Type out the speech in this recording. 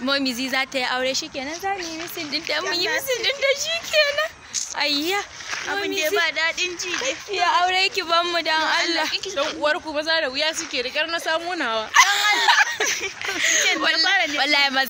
momizi za ta yi aure shikenan. za mu yi misin din ta mun yi misin din ta shi ayya abin da ba daɗin ji dai ya aure ki ban mu dan Allah dan uwar ku maza da wuya suke da na samu nawa dan Allah wallahi